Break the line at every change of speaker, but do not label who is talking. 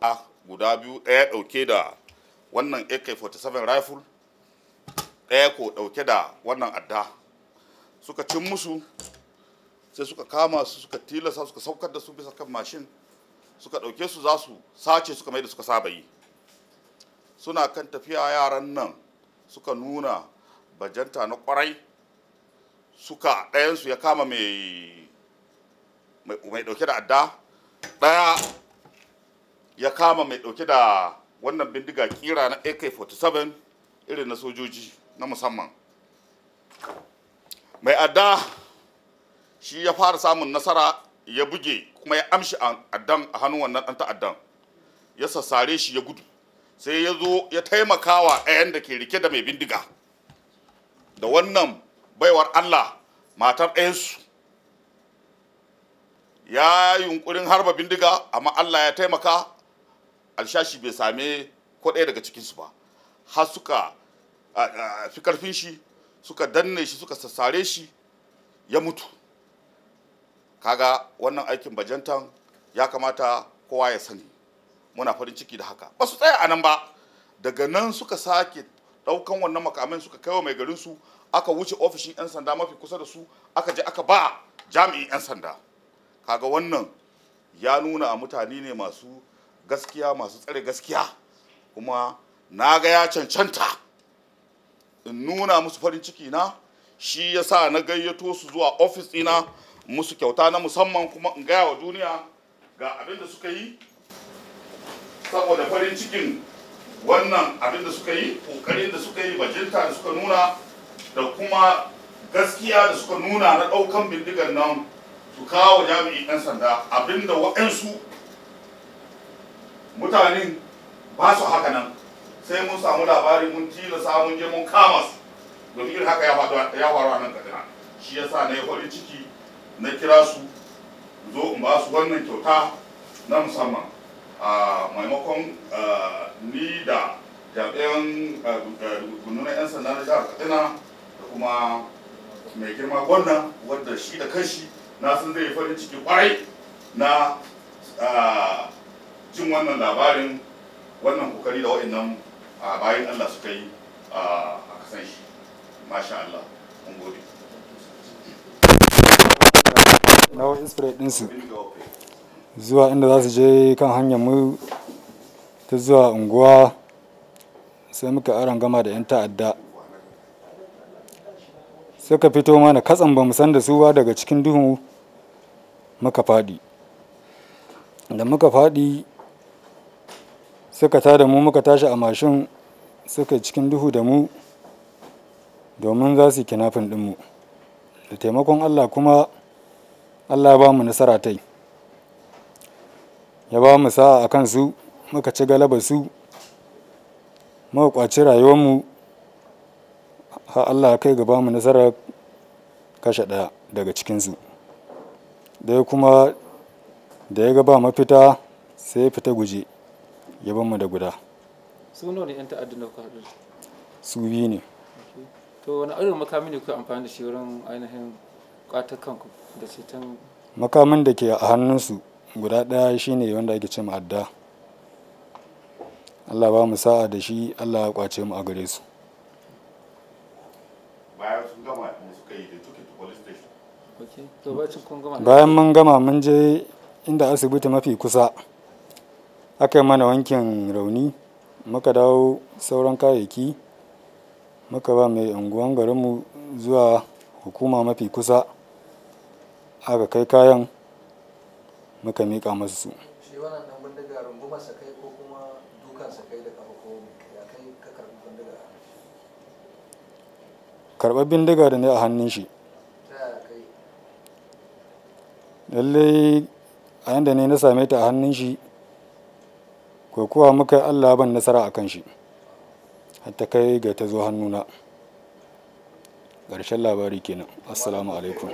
a guda biyu ɗaya ɗauke da wannan ak-47 rifle ɗaya ko ɗauke da wannan adda suka cin musu sai suka kama su suka tilasa suka saukar da su bisa kan mashin suka ɗauke su za su sace suka mai da suka saba yi suna kan tafiya yaran nan suka nuna bajanta na kwarai suka ɗayansu ya kama mai mai ɗauke da adda ɗaya ya kama mai ɗauke da wannan bindiga kira na ak-47 irin na sojoji na musamman mai adda shi ya fara samun nasara ya buge kuma ya amshi addan a hannun wannan ɗan ta'addan ya sassare shi ya gudu sai ya zo ya taimaka wa ɗayan da ke rike da mai bindiga da wannan baiwar allah matar ɗayansu ya yunkurin harba bindiga amma allah ya taimaka alshashi bai same ko ɗaya daga cikinsu ba har suka fi karfin shi suka danne shi suka sassare shi ya mutu kaga wannan aikin bajantan ya kamata kowa ya sani muna farin ciki da haka ba su tsaya a nan ba daga nan suka sake ɗaukan wannan makamin suka kai wa mai garinsu aka wuce ofishin 'yan sanda mafi kusa da su aka je aka ba jami'in 'yan sanda kaga wannan ya nuna a mutane ne masu gaskiya masu tsare gaskiya kuma na ga ya cancanta in nuna musu farin ciki na shi ya sa na gayyato su zuwa ofis ɗina musu kyauta na musamman kuma in gaya wa duniya ga abin da suka yi saboda farin cikin wannan abin da suka yi ƙoƙarin da suka yi bajinta da suka nuna da kuma gaskiya da suka nuna na ɗaukan bindigar nan su kawo jami'in 'yan sanda abinda waɗansu mutanen ba su haka nan sai mun samu labari mun tilasa mun je mun kama su domin yin haka ya faru a nan kaduna shi yasa na yi farin ciki na kira su zo in ba su wannan kyauta na musamman a maimakon ni da jami'an gundunar 'yan sanda na jihar kadina da kuma mai girma gwamna wadda shi da kashi na sun zai farin ciki kwarai na jin wannan labarin wannan kokari da wa'annan a bayan Allah suka yi
a kasan shi masha Allah mun gode nau'in spray ɗinsu zuwa inda za su je kan hanyar mu ta zuwa unguwa sai muka aron gama da 'yan ta'adda suka fito mana katsan ba san da su ba daga cikin duhu muka faɗi da muka faɗi suka tada mu muka tashi a mashin suka cikin duhu da mu domin za su kinafin dinmu da taimakon allah kuma allah ba mu nasara tai ya ba mu sa'a a kansu muka ci galaba su muka kwaci mu ha allah kai ba mu nasara kashe ɗaya daga cikinsu dai kuma da ya ga ba mafita sai ya fita guje ya mu da guda su nawa ne 'yan ta'adda na kuka haɗu su biyu ne to wani irin makami ne kuka amfani da shi wurin ainihin ƙwatar kanku da ceton makamin da ke a hannunsu guda ɗaya shine wanda ake ce ma'adda Allah ba mu sa'a da shi Allah ya kwace mu a gare su
bayan mun gama
mun je inda asibiti mafi kusa aka yi mana wankin rauni muka dawo sauran kayayyaki muka ba mai unguwan garinmu zuwa hukuma mafi kusa aka kai kayan muka miƙa masu su karɓar bindiga da ne a hannun shi lallai a yadda ne na same ta a hannun shi kuwa muka yi Allah ban nasara akan shi hatta kai ga ta zo hannuna ƙarshen labari kenan assalamu alaikum